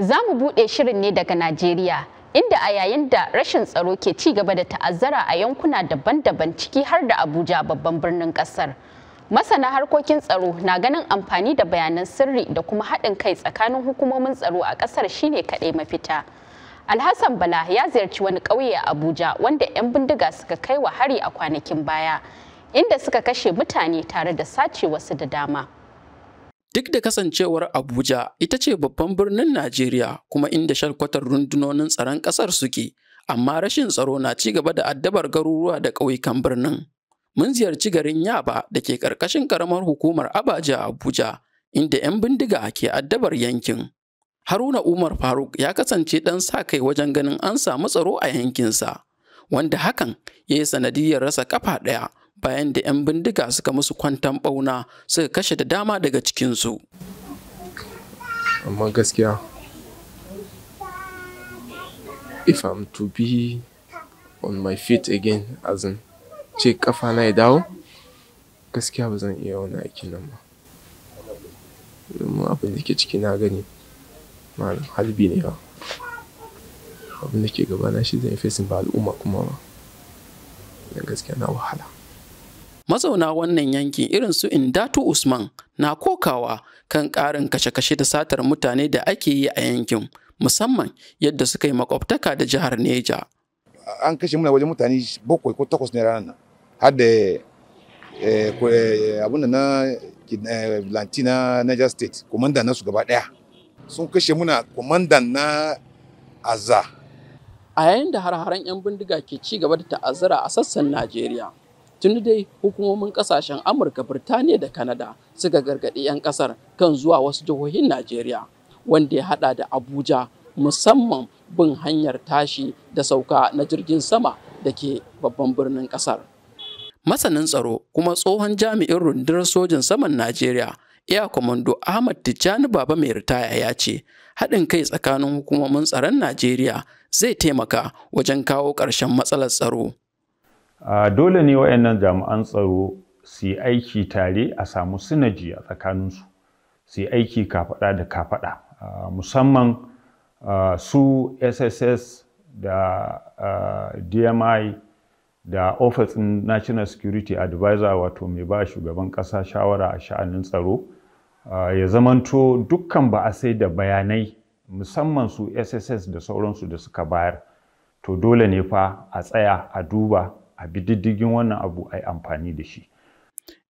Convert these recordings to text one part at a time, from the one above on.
za mu buɗe shirin ne daga Najeriya. Inda a yayin da rashin tsaro ke ci gaba da ta'azzara a yankuna daban-daban ciki har da Abuja babban birnin ƙasar. Masana harkokin tsaro na ganin amfani da bayanan sirri da kuma haɗin kai tsakanin hukumomin tsaro a ƙasar shine kaɗai mafita. Alhassan Bala ya ziyarci wani ƙauye a Abuja wanda 'yan bindiga suka kai wa hari a kwanakin baya, inda suka kashe mutane tare da sace wasu da dama. Duk da kasancewar Abuja ita ce babban birnin Najeriya kuma inda shalkwatar rundunonin tsaron ƙasar suke, amma rashin tsaro na ci gaba da addabar garuruwa da ƙauyukan birnin. Mun ziyarci garin Yaba da ke ƙarƙashin ƙaramar hukumar Abaja a Abuja, inda 'yan bindiga ke addabar yankin. Haruna Umar Faruk ya kasance ɗan sa kai wajen ganin an samu tsaro a yankinsa, wanda hakan ya yi sanadiyar rasa ƙafa ɗaya bayan da 'yan bindiga suka musu kwantan bauna suka kashe da dama daga cikinsu. amma gaskiya if i'm to be on my feet again as in ce kafa na ya dawo gaskiya ba zan iya wani aikin nan ba domin abin da ke ciki na gani ma halbi ne ba abin da ke gabana shi zai yi fesin ba al'umma kuma ba gaskiya na wahala mazauna wannan yankin irin su indatu usman na kokawa kan ƙarin kashe-kashe da satar mutane da ake yi a yankin musamman yadda suka yi makwabtaka da jihar neja an kashe muna wajen mutane bakwai ko takwas ne ranar nan har da eh, eh, abin da na eh, lanti na niger state kwamandan nasu gaba ɗaya sun kashe muna kwamandan na azza a yayin da har-haren 'yan bindiga ke ci gaba da ta'azzara a sassan najeriya tuni dai hukumomin kasashen amurka birtaniya da kanada suka gargaɗi 'yan ƙasar kan zuwa wasu jihohin najeriya wanda ya hada da abuja musamman bin hanyar tashi da sauka na jirgin sama da ke babban birnin ƙasar. masanin tsaro kuma tsohon jami'in rundunar sojin saman najeriya Iya Kwamando Ahmad Tijjani Baba mai ritaya ya ce, haɗin kai tsakanin hukumomin tsaron Najeriya zai taimaka wajen kawo ƙarshen matsalar tsaro. dole ne waɗannan jami'an tsaro su yi aiki tare a samu sinaji a tsakaninsu su yi aiki kafaɗa da kafaɗa musamman su sss da dmi da office national security advisor wato mai ba shugaban ƙasa shawara a sha'anin tsaro ya zamanto dukkan ba a sai da bayanai musamman su sss da sauransu da suka bayar to dole ne fa a tsaya a duba a bi diddigin wannan abu a yi amfani da shi.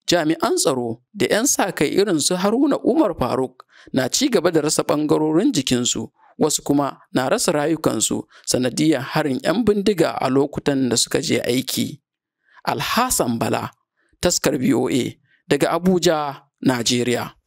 Jami'an tsaro da 'yan sa kai irin su Haruna Umar Faruk na ci gaba da rasa ɓangarorin jikinsu wasu kuma na rasa rayukansu sanadiyar harin 'yan bindiga a lokutan da suka je aiki. Alhassan Bala, taskar BOA daga Abuja, Najeriya.